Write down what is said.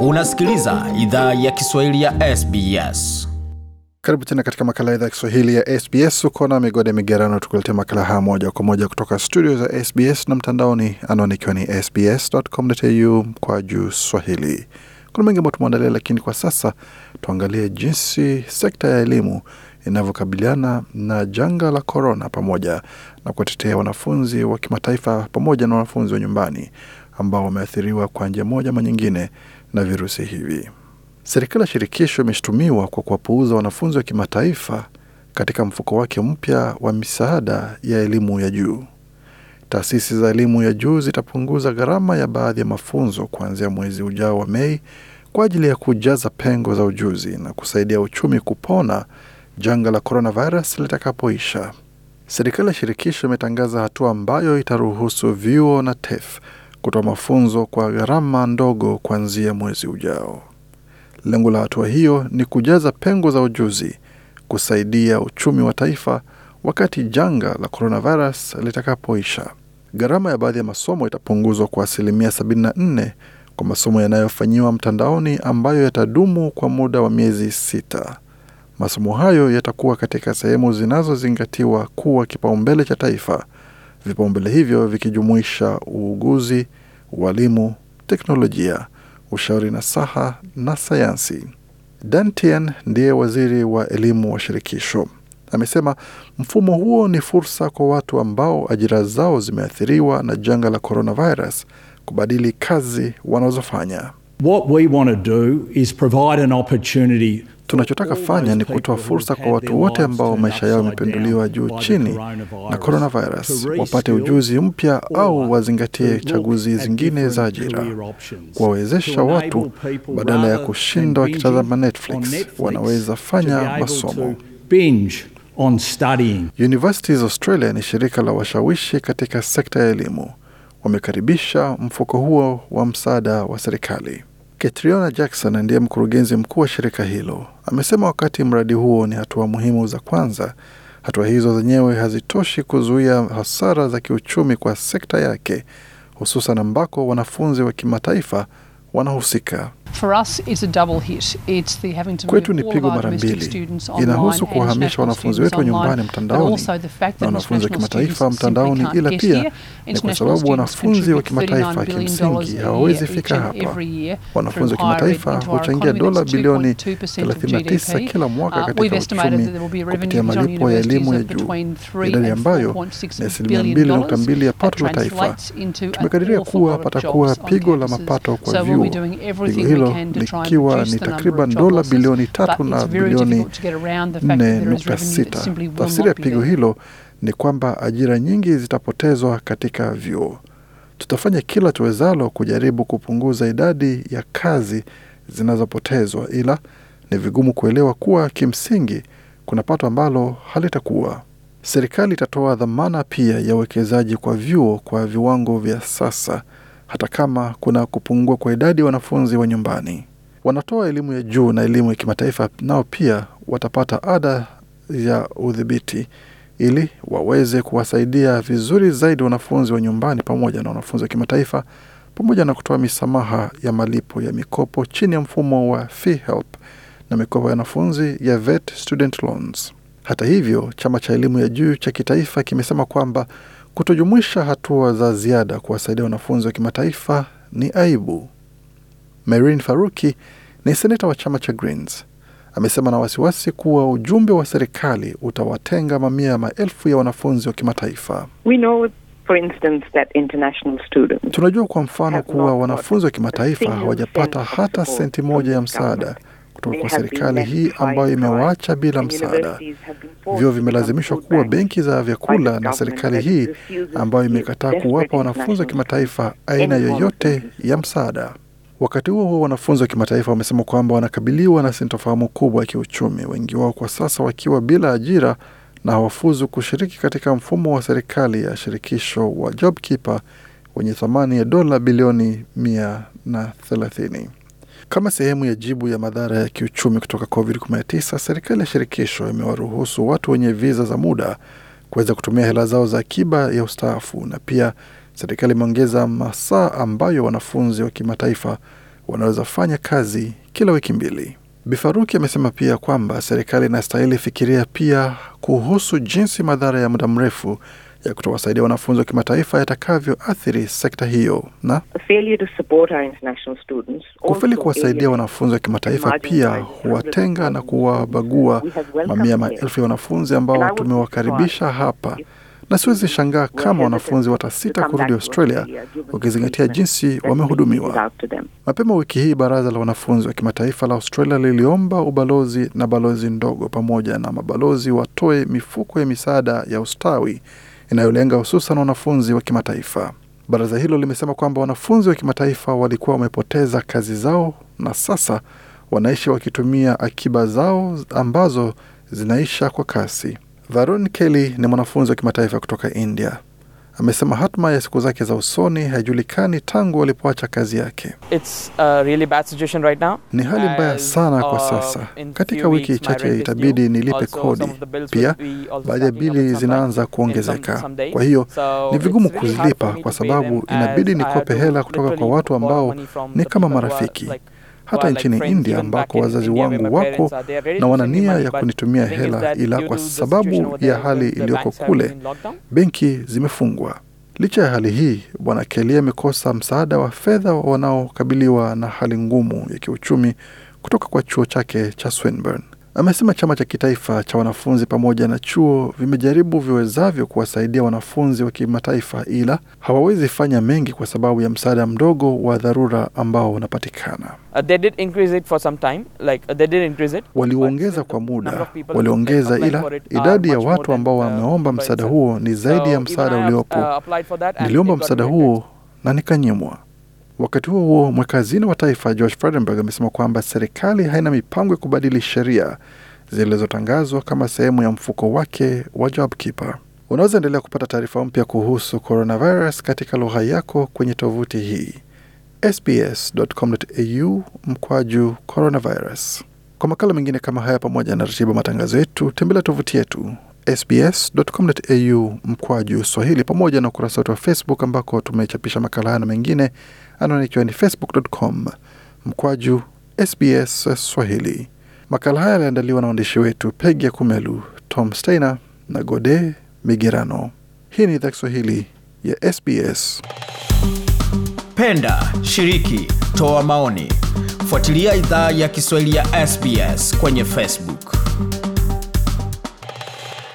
Unasikiliza idhaa ya Kiswahili ya SBS. Karibu tena katika makala idhaa ya Kiswahili ya SBS. Uko na Migode Migerano tukuletea makala haya moja kwa moja kutoka studio za SBS na mtandaoni, anwani ikiwa ni sbs.com.au kwa juu Swahili. Kuna mengi ambayo tumeandalia, lakini kwa sasa tuangalie jinsi sekta ya elimu inavyokabiliana na janga la korona pamoja na kuwatetea wanafunzi wa kimataifa pamoja na wanafunzi wa nyumbani ambao wameathiriwa kwa njia moja ama nyingine na virusi hivi. Serikali ya shirikisho imeshutumiwa kwa kuwapuuza wanafunzi wa kimataifa katika mfuko wake mpya wa misaada ya elimu ya juu. Taasisi za elimu ya juu zitapunguza gharama ya baadhi ya mafunzo kuanzia mwezi ujao wa Mei kwa ajili ya kujaza pengo za ujuzi na kusaidia uchumi kupona janga la coronavirus litakapoisha. Serikali ya shirikisho imetangaza hatua ambayo itaruhusu vyuo na TEF kutoa mafunzo kwa gharama ndogo kuanzia mwezi ujao. Lengo la hatua hiyo ni kujaza pengo za ujuzi, kusaidia uchumi wa taifa wakati janga la coronavirus litakapoisha. Gharama ya baadhi ya masomo itapunguzwa kwa asilimia 74 kwa masomo yanayofanyiwa mtandaoni ambayo yatadumu kwa muda wa miezi sita. Masomo hayo yatakuwa katika sehemu zinazozingatiwa kuwa kipaumbele cha taifa, vipaumbele hivyo vikijumuisha uuguzi, ualimu, teknolojia, ushauri na saha na sayansi. Dantian ndiye waziri wa elimu wa shirikisho amesema mfumo huo ni fursa kwa watu ambao ajira zao zimeathiriwa na janga la coronavirus kubadili kazi wanazofanya. What we want to do is provide an opportunity Tunachotaka fanya ni kutoa fursa kwa watu wote ambao maisha yao yamepinduliwa juu chini na coronavirus, wapate ujuzi mpya au wazingatie chaguzi zingine za ajira, kuwawezesha watu badala ya kushinda wakitazama Netflix, wanaweza fanya masomo. Universities Australia ni shirika la washawishi katika sekta ya elimu wamekaribisha mfuko huo wa msaada wa serikali. katriona Jackson ndiye mkurugenzi mkuu wa shirika hilo, amesema wakati mradi huo ni hatua muhimu za kwanza, hatua hizo zenyewe hazitoshi kuzuia hasara za kiuchumi kwa sekta yake, hususan ambako wanafunzi wa kimataifa wanahusika. Kwetu ni pigo mara mbili. Inahusu kuwahamisha wanafunzi wetu wa nyumbani mtandaoni na wanafunzi wa kimataifa mtandaoni, ila pia ni kwa sababu wanafunzi wa kimataifa kimsingi hawawezi fika hapa. Wanafunzi wa kimataifa huchangia dola bilioni 39 kila mwaka uh, katika uchumi kupitia malipo ya elimu ya juu, idadi ambayo ni asilimia 2.2 ya pato la taifa. Tumekadiria kuwa patakuwa pigo la mapato kwa vyuo juu, hilo likiwa ni takriban dola bilioni tatu na bilioni 4.6. Tafsiri ya pigo hilo ni kwamba ajira nyingi zitapotezwa katika vyuo. Tutafanya kila tuwezalo kujaribu kupunguza idadi ya kazi zinazopotezwa, ila ni vigumu kuelewa kuwa kimsingi kuna pato ambalo halitakuwa. Serikali itatoa dhamana pia ya uwekezaji kwa vyuo kwa viwango vya sasa hata kama kuna kupungua kwa idadi ya wanafunzi wa nyumbani. Wanatoa elimu ya juu na elimu ya kimataifa, nao pia watapata ada ya udhibiti ili waweze kuwasaidia vizuri zaidi wanafunzi wa nyumbani pamoja na wanafunzi wa kimataifa, pamoja na kutoa misamaha ya malipo ya mikopo chini ya mfumo wa Fee Help na mikopo ya wanafunzi ya VET Student Loans. Hata hivyo, chama cha elimu ya juu cha kitaifa kimesema kwamba Kutojumuisha hatua za ziada kuwasaidia wanafunzi wa kimataifa ni aibu. Marin Faruki ni seneta wa chama cha Greens amesema na wasiwasi kuwa ujumbe wa serikali utawatenga mamia ya maelfu ya wanafunzi wa kimataifa. Tunajua kwa mfano kuwa wanafunzi wa kimataifa hawajapata hata senti moja ya msaada kutoka kwa serikali hii ambayo imewaacha bila msaada. Vyuo vimelazimishwa kuwa benki za vyakula na serikali hii ambayo imekataa kuwapa wanafunzi wa kimataifa aina yoyote ya msaada. Wakati huo huo, wanafunzi wa kimataifa wamesema kwamba wanakabiliwa na sintofahamu kubwa ya kiuchumi, wengi wao kwa sasa wakiwa bila ajira na hawafuzu kushiriki katika mfumo wa serikali ya shirikisho wa JobKeeper wenye thamani ya dola bilioni mia na thelathini. Kama sehemu ya jibu ya madhara ya kiuchumi kutoka COVID-19, serikali ya shirikisho imewaruhusu watu wenye viza za muda kuweza kutumia hela zao za akiba ya ustaafu, na pia serikali imeongeza masaa ambayo wanafunzi wa kimataifa wanaweza fanya kazi kila wiki mbili. Bifaruki amesema pia kwamba serikali inastahili fikiria pia kuhusu jinsi madhara ya muda mrefu ya eh, kutowasaidia wanafunzi wa kimataifa yatakavyoathiri sekta hiyo, na kufeli kuwasaidia wanafunzi wa kimataifa pia huwatenga na kuwabagua mamia maelfu ya wanafunzi ambao tumewakaribisha hapa na siwezi shangaa kama wanafunzi watasita kurudi Australia wakizingatia jinsi wamehudumiwa. Mapema wiki hii, baraza la wanafunzi wa kimataifa la Australia liliomba ubalozi na balozi ndogo pamoja na mabalozi watoe mifuko ya misaada ya ustawi inayolenga hususan wanafunzi wa kimataifa. Baraza hilo limesema kwamba wanafunzi wa kimataifa walikuwa wamepoteza kazi zao na sasa wanaishi wakitumia akiba zao ambazo zinaisha kwa kasi. Varun Kelly ni mwanafunzi wa kimataifa kutoka India amesema hatma ya siku zake za usoni haijulikani tangu alipoacha kazi yake. It's a really bad situation right now. Ni hali mbaya sana kwa sasa. Katika wiki chache itabidi nilipe kodi, pia baadhi ya bili zinaanza kuongezeka, kwa hiyo ni vigumu kuzilipa, kwa sababu inabidi nikope hela kutoka kwa watu ambao ni kama marafiki hata nchini India ambako wazazi wangu wako na wana nia ya kunitumia hela, ila kwa sababu ya hali iliyoko kule benki zimefungwa. Licha ya hali hii, Bwana Kelly amekosa msaada wa fedha wanaokabiliwa na hali ngumu ya kiuchumi kutoka kwa chuo chake cha Swinburne. Amesema chama cha kitaifa cha wanafunzi pamoja na chuo vimejaribu viwezavyo kuwasaidia wanafunzi wa kimataifa, ila hawawezi fanya mengi kwa sababu ya msaada mdogo wa dharura ambao unapatikana. Uh, uh, Waliuongeza kwa muda, waliongeza, ila uh, idadi ya watu ambao wameomba msaada huo ni zaidi ya msaada uliopo. Niliomba msaada huo na nikanyimwa. Wakati huo huo, mweka wa taifa george Frydenberg amesema kwamba serikali haina mipango ya kubadili sheria zilizotangazwa kama sehemu ya mfuko wake wa JobKeeper. Unaweza endelea kupata taarifa mpya kuhusu coronavirus katika lugha yako kwenye tovuti hii sbs.com.au mkwaju coronavirus. Kwa makala mengine kama haya pamoja na ratiba matangazo yetu, tembelea tovuti yetu sbs.com.au mkwaju Swahili pamoja na ukurasa wetu wa Facebook ambako tumechapisha makala haya na mengine, anwani ikiwa ni facebook.com mkwaju SBS Swahili. Makala haya yaliandaliwa na waandishi wetu Pegi ya Kumelu, Tom Steiner na Gode Migerano. Hii ni idhaa Kiswahili ya SBS. Penda, shiriki, toa maoni, fuatilia idhaa ya Kiswahili ya SBS kwenye Facebook.